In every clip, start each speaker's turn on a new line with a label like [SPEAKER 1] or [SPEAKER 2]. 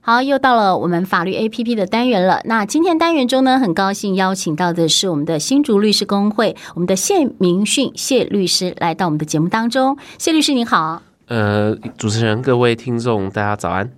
[SPEAKER 1] 好，又到了我們法律 APP 的單元了。那今天單元中呢，很高興邀請到的是我們的新竹律師公會，我們的謝明訓謝律師來到我們的節目當中。謝律師，你好。
[SPEAKER 2] 呃，主持人，各位聽眾，大家早安。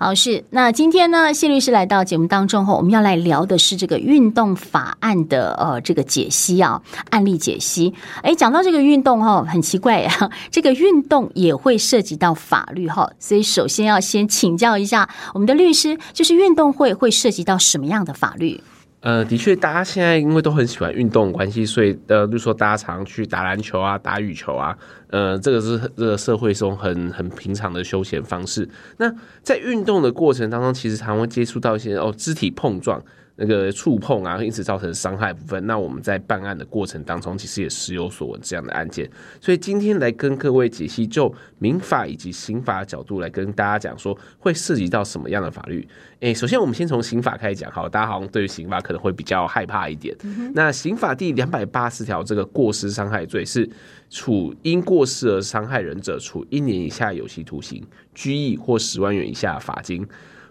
[SPEAKER 1] 好，是，那今天呢，謝律師來到節目當中後，我們要來聊的是這個運動法案的，呃，這個解析啊，案例解析。誒，講到這個運動哈，很奇怪呀，啊，這個運動也會涉及到法律哈，所以首先要先請教一下我們的律師，就是運動會會涉及到什麼樣的法律？
[SPEAKER 2] 呃，的確，大家現在因為都很喜歡運動關係，所以呃，例如說大家常常去打籃球啊，打羽球啊，呃，這個是這個社會中很很平常的休閒方式。那在運動的過程當中，其實常常會接觸到一些哦，肢體碰撞。那個觸碰啊，因此造成傷害部分，那我們在辦案的過程當中，其實也時有所聞這樣的案件，所以今天來跟各位解析，就民法以及刑法的角度來跟大家講說，會涉及到什麼樣的法律？哎、欸，首先我們先從刑法開始講，好，大家好像對於刑法可能會比較害怕一點。嗯、哼那刑法第兩百八十條這個過失傷害罪是處因過失而傷害人者，處一年以下有期徒刑、拘役或十萬元以下罰金。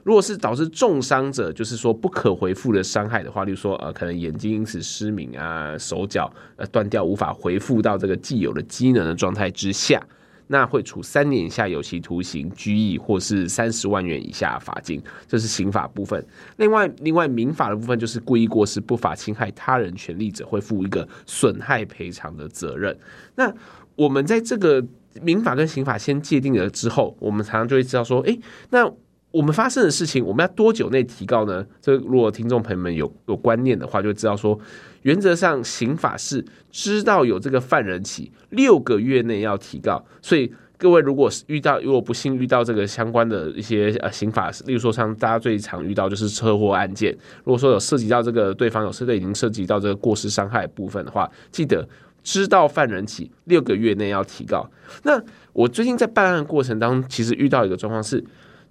[SPEAKER 2] 如果是導致重傷者，就是說不可恢復的傷害的話，例如說呃，可能眼睛因此失明啊，手腳呃斷掉無法恢復到這個既有的機能的狀態之下，那會處三年以下有期徒刑、拘役或是三十萬元以下罰金，這是刑法部分。另外，另外民法的部分就是故意過失不法侵害他人權利者，會負一個損害賠償的責任。那我們在這個民法跟刑法先界定了之後，我們常常就會知道說，哎、欸，那。我們發生的事情，我們要多久內提告呢？這如果聽眾朋友們有有觀念的話，就知道說，原則上刑法是知道有這個犯人起六個月內要提告。所以各位如果遇到，如果不幸遇到這個相關的一些呃刑法例如說，像大家最常遇到就是車禍案件。如果說有涉及到這個對方有甚至已經涉及到這個過失傷害的部分的話，記得知道犯人起六個月內要提告。那我最近在辦案的過程當中，其實遇到一個狀況是。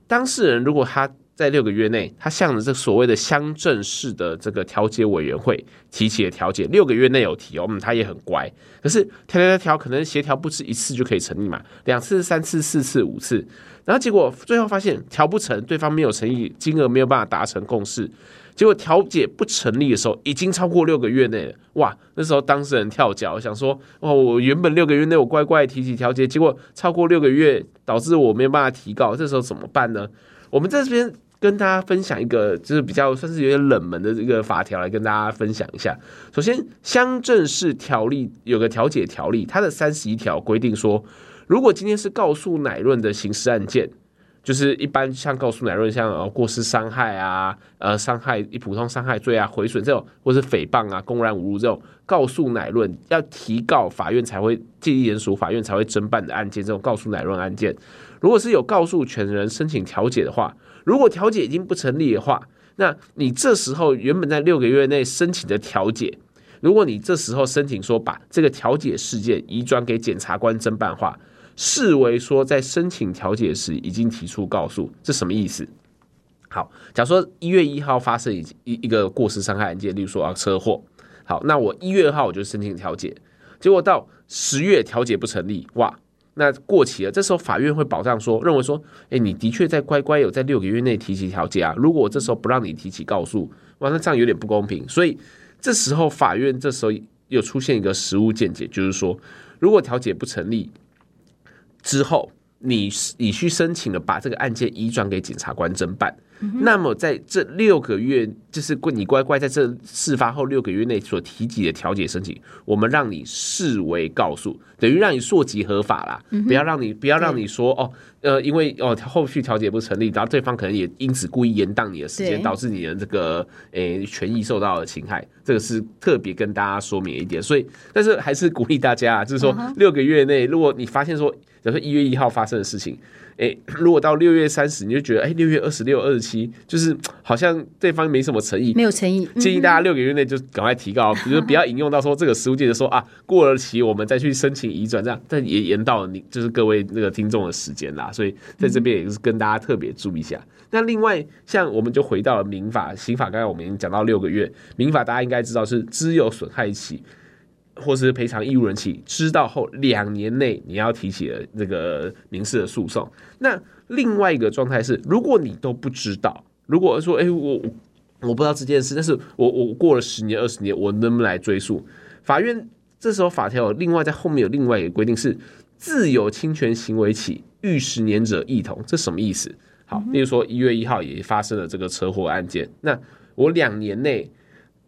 [SPEAKER 2] 當事人如果他在六個月內，他向着這所謂的鄉鎮市的這個調解委員會提起了調解，六個月內有提哦，嗯，他也很乖。可是調調調調，條條條可能協調不止一次就可以成立嘛，兩次、三次、四次、五次，然後結果最後發現調不成，對方沒有誠意，金額沒有辦法達成共識。結果調解不成立的時候，已經超過六個月內了。哇，那時候當事人跳腳，想說：哦，我原本六個月內我乖乖提起調解，結果超過六個月，導致我沒有辦法提告。這時候怎麼辦呢？我們這邊跟大家分享一個，就是比較算是有點冷門的這個法條來跟大家分享一下。首先，鄉鎮市條例有個調解條例，它的三十一條規定說，如果今天是告訴乃論的刑事案件。就是一般像告訴乃論，像呃過失傷害啊，呃傷害以普通傷害罪啊，毀損這種，或是誹謗啊，公然侮辱這種告訴乃論，要提告法院才會進議研署，人法院才會偵辦的案件，這種告訴乃論案件，如果是有告訴權人申請調解的話，如果調解已經不成立的話，那你這時候原本在六個月內申請的調解，如果你這時候申請說把這個調解事件移轉給檢察官偵辦的話。視為說，在申請調解時已經提出告訴，這什麼意思？好，假如說一月一號發生一一個過失傷害案件，例如說、啊、車禍。好，那我一月二號我就申請調解，結果到十月調解不成立，哇，那過期了。這時候法院會保障說，認為說，哎，你的確在乖乖有在六個月內提起調解啊。如果我這時候不讓你提起告訴，哇，那這樣有點不公平。所以這時候法院這時候又出現一個實務見解，就是說，如果調解不成立。之後你，你你去申請了，把這個案件移轉給檢察官偵辦。嗯、哼那麼在這六個月，就是你乖乖在這事發後六個月內所提及的調解申請，我們讓你視為告訴，等於讓你溯及合法啦，嗯、哼不要讓你不要讓你說、嗯、哦。呃，因為哦，後續調解不成立，然後對方可能也因此故意延宕你的時間，對導致你的這個誒權益受到了侵害，這個是特別跟大家說明一點。所以，但是還是鼓勵大家，就是說六個月內，如果你發現說，假如說一月一號發生的事情，誒，如果到六月三十，你就覺得哎，六月二十六、二十七，就是好像對方沒什麼誠意，沒有誠意，嗯、建議大家六個月內就趕快提告，比如說不要引用到說這個實物界就說啊，過了期我們再去申請移轉，這樣但也延到了你就是各位那個聽眾的時間啦。所以在這邊也是跟大家特別注意一下，嗯。那另外像我們就回到了民法、刑法。剛才我們已經講到六個月，民法大家應該知道是知有損害起，或是賠償義務人起，知道後兩年內你要提起這個民事的訴訟。那另外一個狀態是，如果你都不知道，如果說哎、欸、我我我不知道這件事，但是我我過了十年、二十年，我能不能來追訴？法院這時候法條有另外在後面有另外一個規定是，自有侵權行為起。逾十年者亦同，這什麼意思？好，例如說一月一號也發生了這個車禍案件，那我兩年內，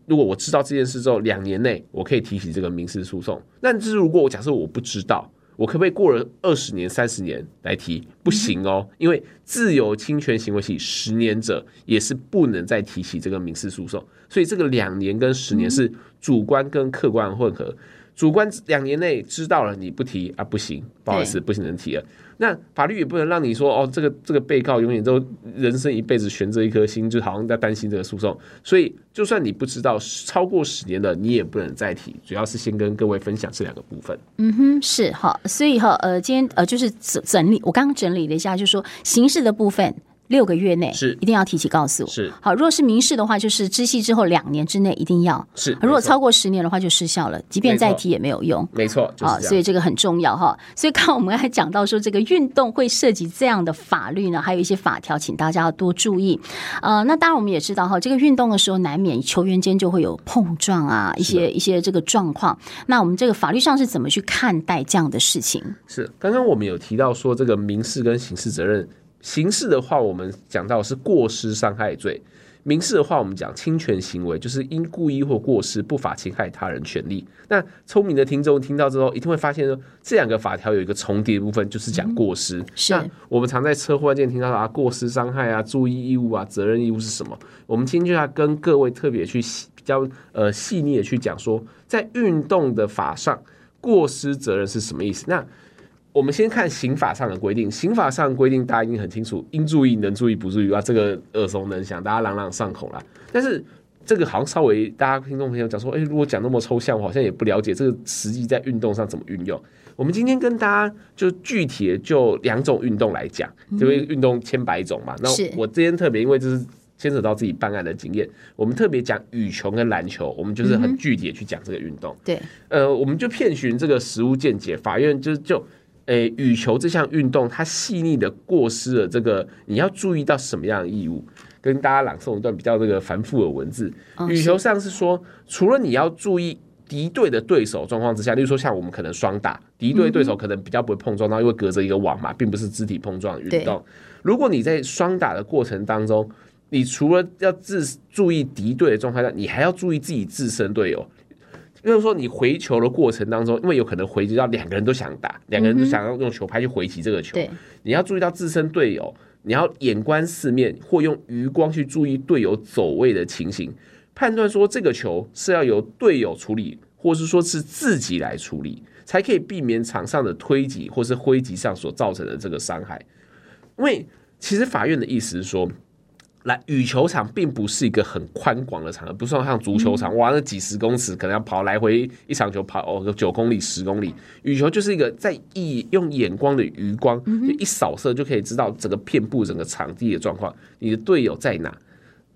[SPEAKER 2] 如果我知道這件事之後，兩年內我可以提起這個民事訴訟。但就是如果我假設我不知道，我可不可以過了二十年、三十年來提？不行哦，因為自由侵權行為起逾十年者也是不能再提起這個民事訴訟。所以這個兩年跟十年是主觀跟客觀混合。主觀兩年內知道了你不提啊，不行，不好意思，不行。能提了。對那法律也不能讓你說哦，這個這個被告永遠都人生一輩子懸着一顆心，就好像在擔心這個訴訟。所以就算你不知道超過十年了，你也不能再提。主要是先跟各位分享這兩個部分。
[SPEAKER 1] 嗯哼，是好，所以哈呃，今天呃就是整理，我剛剛整理了一下，就是說，刑事的部分。六個月內是一定要提起告訴，是好。如果是民事的話，就是知悉之後兩年之內一定要是。如果超過十年的話，就失效了，即便再提也沒有用。
[SPEAKER 2] 沒錯錯，啊好，就是、所以這個
[SPEAKER 1] 很重要哈。所以剛剛我們還講到說，這個運動會涉及這樣的法律呢，還有一些法條，請大家要多注意。呃，那當然我們也知道哈，這個運動的時候難免球員間就會有碰撞啊，一些的一些這個狀況。那我們這個法律上是怎麼去看待
[SPEAKER 2] 這樣的事情？是剛剛我們有提到說，這個民事跟刑事責任。刑事的話，我們講到是過失傷害罪；民事的話，我們講侵權行為，就是因故意或過失不法侵害他人權利。那聰明的聽眾聽到之後，一定會發現說，這兩個法條有一個重疊的部分，就是講過失。嗯、是。那我們常在車禍案件聽到啊，過失傷害啊，注意義務啊，責任義務是什麼？我們今天就要跟各位特別去細比較，呃，細膩的去講說，在運動的法上，過失責任是什麼意思？那我們先看刑法上的規定，刑法上的規定大家已經很清楚，應注意能注意不注意啊？這個耳熟能詳，大家朗朗上口啦。但是這個好像稍微大家聽眾朋友講說，哎，如果講那麼抽象，我好像也不了解這個實際在運動上怎麼運用。我們今天跟大家就具體的就兩種運動來講，因為、嗯、運動千百種嘛。是那我今天特別因為就是牽扯到自己辦案的經驗，我們特別講羽球跟籃球，我們就是很具體的去講這個運動。嗯、對，呃，我們就遍尋這個實務見解，法院就就。誒，羽球這項運動，它細膩的過失了這個，你要注意到什麼樣的義務？跟大家朗誦一段比較這個繁複的文字。哦、羽球上是說，除了你要注意敵對的對手狀況之下，例如說像我們可能雙打，敵對的對手可能比較不會碰撞，到、嗯，因為隔着一個網嘛，並不是肢體碰撞的運動。對如果你在雙打的過程當中，你除了要自注意敵對的狀態下，你還要注意自己自身隊友。就是說，你回球的過程當中，因為有可能回擊到兩個人都想打，兩個人都想要用球拍去回擊這個球，嗯、你要注意到自身隊友，你要眼觀四面，或用餘光去注意隊友走位的情形，判斷說這個球是要由隊友處理，或是說是自己來處理，才可以避免場上的推擠或是揮擊上所造成的這個傷害。因為其實法院的意思是說。來羽球場並不是一個很寬廣的場合，不算像足球場哇，那幾十公尺可能要跑來回，一場球跑哦九公里十公里。羽球就是一個在意，用眼光的餘光就一掃射就可以知道整個片布整個場地的狀況，你的隊友在哪？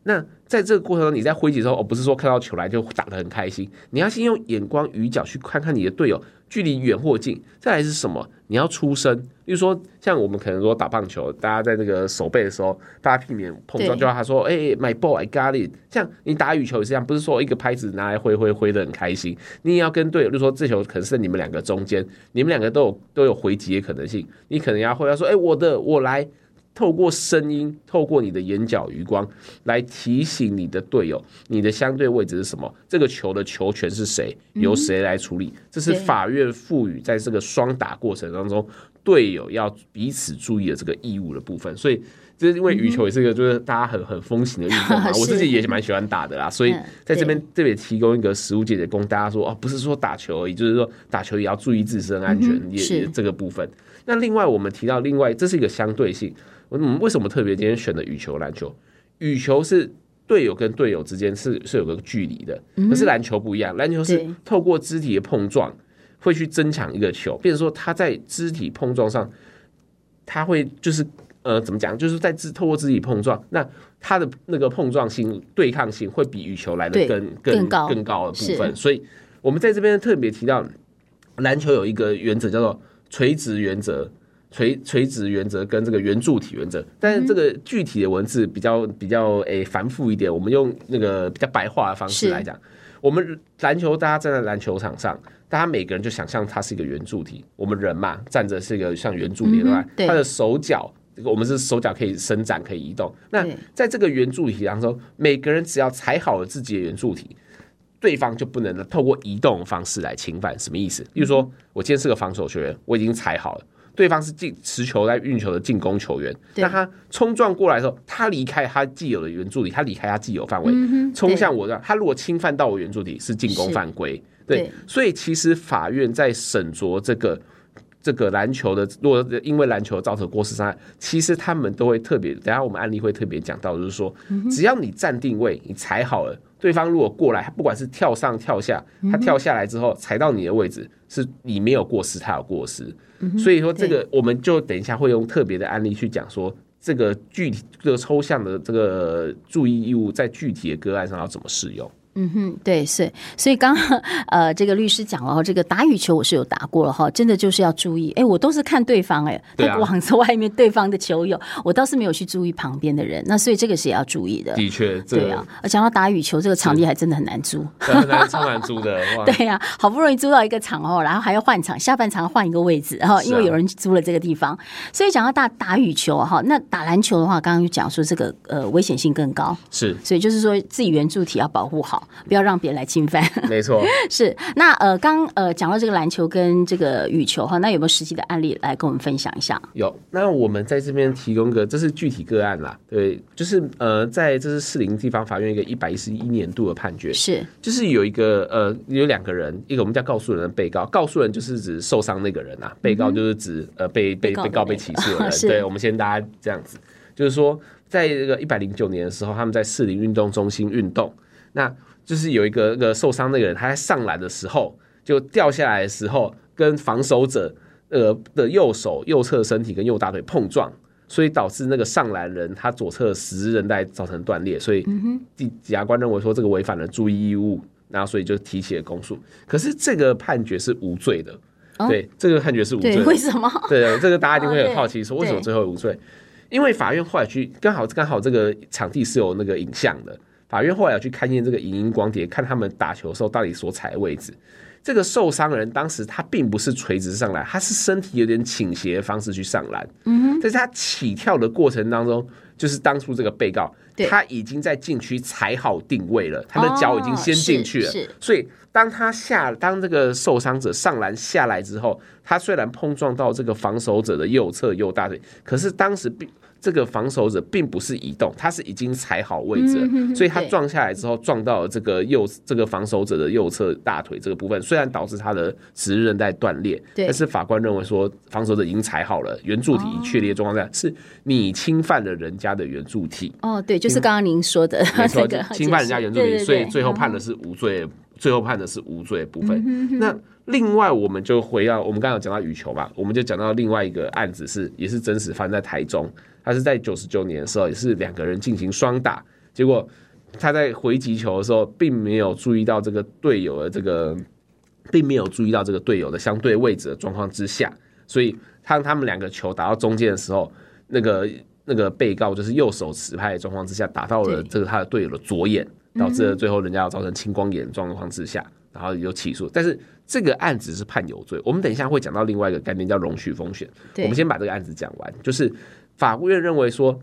[SPEAKER 2] 那在這個過程中，你在揮擊的時候，哦，不是說看到球來就打得很開心，你要先用眼光、餘角去看看你的隊友距離遠或近，再來是什麼？你要出聲，比如說像我們可能說打棒球，大家在那個手背的時候，大家避免碰撞，就要他說：“哎對、欸、，my ball，I got it。”像你打羽球也是這樣，不是說一個拍子拿來揮揮揮得很開心，你也要跟隊友，就說這球可能是你們兩個中間，你們兩個都有都有回擊的可能性，你可能要揮要說：“哎、欸，我的，我來。”透過聲音，透過你的眼角餘光來提醒你的隊友，你的相對位置是什麼？這個球的球權是誰？由誰來處理？嗯、這是法院賦予在這個雙打過程當中對隊友要彼此注意的這個義務的部分。所以，這是因為羽球也是一個就是大家很很風行的運動嘛、啊，嗯、我自己也蠻喜歡打的啦。 是所以，在這邊特別、嗯、提供一個實務見解，供大家說啊、哦，不是說打球而已，就是說打球也要注意自身安全，嗯、也是這個部分。那另外我們提到另外，這是一個相對性。我們為什麼特別今天選的羽球、籃球？羽球是隊友跟隊友之間是是有個距離的，嗯、可是籃球不一樣，籃球是透過肢體的碰撞會去增強一個球，變成對說他在肢體碰撞上，他會就是呃怎麼講，就是在肢透過肢體碰撞，那他的那個碰撞性、對抗性會比羽球來的更更高更高的部分。是所以我們在這邊特別提到籃球有一個原則叫做垂直原則。垂垂直原則跟這個圓柱體原則，但是這個具體的文字比較比較誒、欸、繁復一點，我們用那個比較白話的方式來講，我們籃球大家站在籃球場上，大家每個人就想象它是一個圓柱體，我們人嘛站着是一個像圓柱體對吧？他的手腳，我們是手腳可以伸展可以移動。那在這個圓柱體當中，每個人只要踩好了自己的圓柱體，對方就不能透過移動方式來侵犯。什麼意思？比如說我今天是個防守球員，我已經踩好了。對方是進持球在運球的進攻球員，對那他衝撞過來的時候，他離開他既有的圓柱體，他離開他既有範圍，嗯、衝向我這樣，他如果侵犯到我圓柱體是進攻犯規。是對，對，所以其實法院在審酌這個這個籃球的，如果因為籃球造成過失傷害，其實他們都會特別，等下我們案例會特別講到，就是說、嗯、哼只要你站定位，你踩好了。對方如果過來，他不管是跳上跳下，他跳下來之後踩到你的位置，是你沒有過失，他有過失。所以說，這個我們就等一下會用特別的案例去講說，這個具體、這個抽象的這個注意義務，在具體的個案上要怎麼適用。
[SPEAKER 1] 嗯哼，對，是，所以剛剛呃，這個律師講了哈，這個打羽球我是有打過了哈，真的就是要注意，哎，我都是看對方，哎，他網子外面對方的球友，啊、我倒是沒有去注意旁邊的人，那所以這個是也要注意的，
[SPEAKER 2] 的確，對啊。這個、
[SPEAKER 1] 而講到打羽球這個場地還真的很難租，
[SPEAKER 2] 超難租的，對啊，
[SPEAKER 1] 好不容易租到一個場哦，然後還要換場，下半場換一個位置哈，因為有人租了這個地方，啊、所以講到打打羽球哈，那打籃球的話，剛剛就講說這個呃危險性更高，是，所以就是說自己圓柱體要保護好。不要讓別人來侵犯沒錯。 沒錯，是那呃，剛呃講到這個籃球跟這個羽球哈，那有沒有實際的案例來跟我們分享一下？
[SPEAKER 2] 有，那我們在這邊提供一個，這是具體個案啦。對，就是呃，在這是士林地方法院一個一百一十一年度的判決，是就是有一個呃，有兩個人，一個我們叫告訴人，被告，告訴人就是指受傷那個人啊，被告就是指呃被被，被，告，那個、被告被起訴的人。是對，我們先大家這樣子，就是說，在這個一百零九年的時候，他們在士林運動中心運動，那。就是有一個那個受傷那個人，他在上籃的時候就掉下來的時候，跟防守者呃的右手右側身體跟右大腿碰撞，所以導致那個上籃人他左側十字韌帶造成斷裂，所以嗯哼，檢察官認為說這個違反了注意義務，嗯、哼然後所以就提起了公訴。可是這個判決是無罪的，嗯、對，這個判決是無罪的、嗯。為什麼？對，這個大家一定會很好奇說為什麼最後無罪？啊、因為法院後來去剛好剛好這個場地是有那個影像的。法院、啊、後來要去勘驗這個影音光碟，看他們打球的時候到底所踩的位置。這個受傷人當時他並不是垂直上來，他是身體有點傾斜的方式去上籃。嗯哼，但是他起跳的過程當中，就是當初這個被告，對他已經在禁區踩好定位了，他的腳已經先進去了。哦、是，是，所以當他下，當這個受傷者上籃下來之後，他雖然碰撞到這個防守者的右側右大腿，可是當時並。這個防守者並不是移動，他是已經踩好位置了，嗯、呵呵，所以他撞下來之後撞到了這個右對這個防守者的右側大腿這個部分，雖然導致他的指韌帶斷裂，對但是法官認為說防守者已經踩好了圓柱體，已確立狀況下，哦、是你侵犯了人家的圓柱體。哦，對，就是
[SPEAKER 1] 剛剛您說的侵這個侵犯人家圓柱體，所以最後判的
[SPEAKER 2] 是無罪，嗯，最後判的是無罪的部分。嗯、呵呵那另外我們就回到我們剛剛有講到羽球吧，我們就講到另外一個案子是也是真實發生在台中。他是在九十九年的時候，也是兩個人進行雙打，結果他在回擊球的時候，並沒有注意到這個隊友的這個，並沒有注意到這個隊友的相對位置的狀況之下，所以他讓他們兩個球打到中間的時候，那個那個被告就是右手持拍的狀況之下，打到了這個他的隊友的左眼，對導致了最後人家要造成青光眼狀況之下，嗯、然後有起訴，但是這個案子是判有罪。我們等一下會講到另外一個概念叫容許風險，我們先把這個案子講完，就是。法院認為說，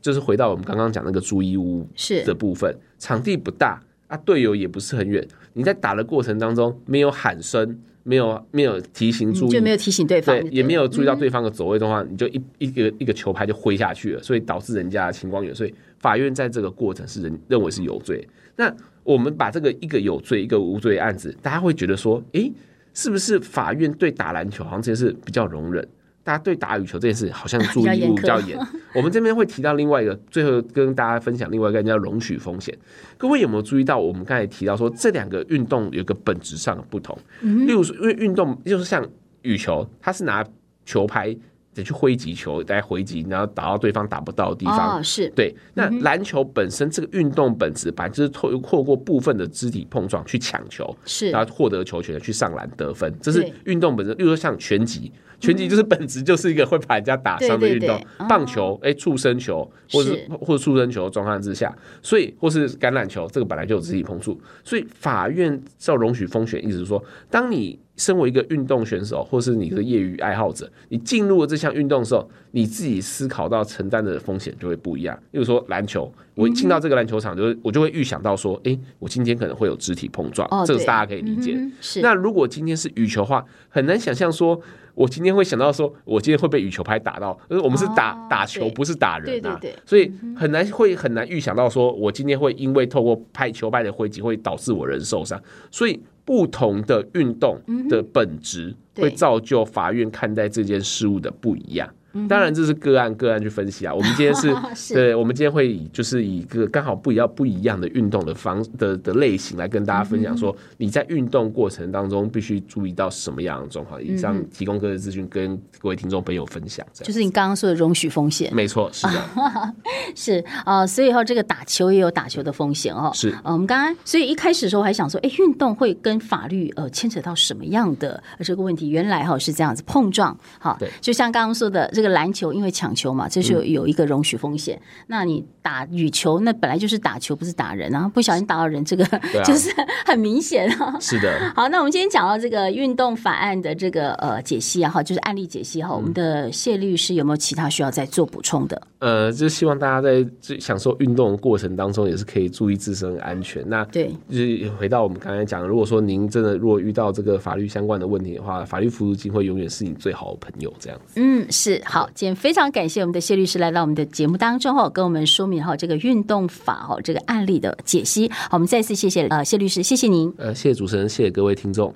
[SPEAKER 2] 就是回到我們剛剛講那個注意義務的部分，是場地不大啊，隊友也不是很遠，你在打的過程當中沒有喊聲，沒有沒有提醒注意、嗯，就沒有提醒對方，對對也沒有注意到對方的走位的話，對你就一一個、嗯、一個球拍就揮下去了，所以導致人家的青光眼，所以法院在這個過程是認認為是有罪。那我們把這個一個有罪一個無罪的案子，大家會覺得說，誒、欸，是不是法院對打籃球好像這件事比較容忍？大家對打羽球這件事好像注意度比較嚴。 我們這邊會提到另外一個，最後跟大家分享另外一個，叫容許風險。各位有沒有注意到，我們剛才提到說，這兩個運動有個本質上的不同。例如說，因為運動，就是像羽球，它是拿球拍得去揮擊球，來揮擊，然後打到對方打不到的地方。是。對。那籃球本身這個運動本質，本來就是透過部分的肢體碰撞去搶球，是，然後獲得球權去上籃得分，這是運動本身。例如說像拳擊。拳擊就是本質就是一個會把人家打傷的運動，對對對嗯、棒球。哎、欸，觸身球，或是或者觸身球狀況之下，所以是或是橄欖球，這個本來就有肢體碰觸，所以法院要容許風險，意思是說，當你。身為一個運動選手，或是你的業餘愛好者，嗯、你進入了這項運動的時候，你自己思考到承擔的風險就會不一樣。例如說籃球，我進到這個籃球場，嗯、哼就是我就會預想到說，哎、欸，我今天可能會有肢體碰撞，哦、這個大家可以理解。嗯、那如果今天是羽球的話，很難想象說，我今天會想到說，我今天會被羽球拍打到，因、呃、為我們是打、哦、打球，對不是打人啊，對對對嗯、所以很難會很難預想到說，我今天會因為透過拍球拍的揮擊，會導致我人受傷，所以。不同的運動的本質，會造就法院看待這件事物的不一樣。當然，這是個案，嗯、哼個案去分析啊。我們今天是， 是對，我們今天會以就是以一個剛好不一樣、不一樣的運動的方的的，的類型來跟大家分享說，說、嗯、哼你在運動過程當中必須注意到什麼樣的狀況。嗯、哼以上提供各個人資訊跟各位聽眾朋友分享。就是你
[SPEAKER 1] 剛剛說的容許風險，沒錯，是的， 是啊、呃，所以哈，這個打球也有打球的風險哦。是、呃，我們剛剛所以一開始的時候還想說，哎，運動會跟法律呃牽扯到什麼樣的這個問題？原來哈、呃、是這樣子碰撞，好、哦，對就像剛剛說的。這個籃球因為搶球嘛，這就有一個容許風險。嗯、那你打羽球，那本來就是打球，不是打人啊！不小心打到人，這個就是很明顯、啊、是的。好，那我們今天講到這個運動法案的這個呃解析啊好，就是案例解析哈。好嗯、我們的謝律師有沒有其他需要再做補充的？
[SPEAKER 2] 呃，就是希望大家在享受運動的過程當中，也是可以注意自身安全。那對，就是回到我們剛才講，如果說您真的如果遇到這個法律相關的問題的話，法律扶助基金會永遠是你最好的朋友，這樣
[SPEAKER 1] 嗯，是。好，今天非常感謝我們的謝律師來到我們的節目當中哦，跟我們說明哈這個運動法哦，這個案例的解析。好，我們再次謝謝呃謝律師，謝謝您。
[SPEAKER 2] 呃，謝謝主持人，謝謝各位聽眾。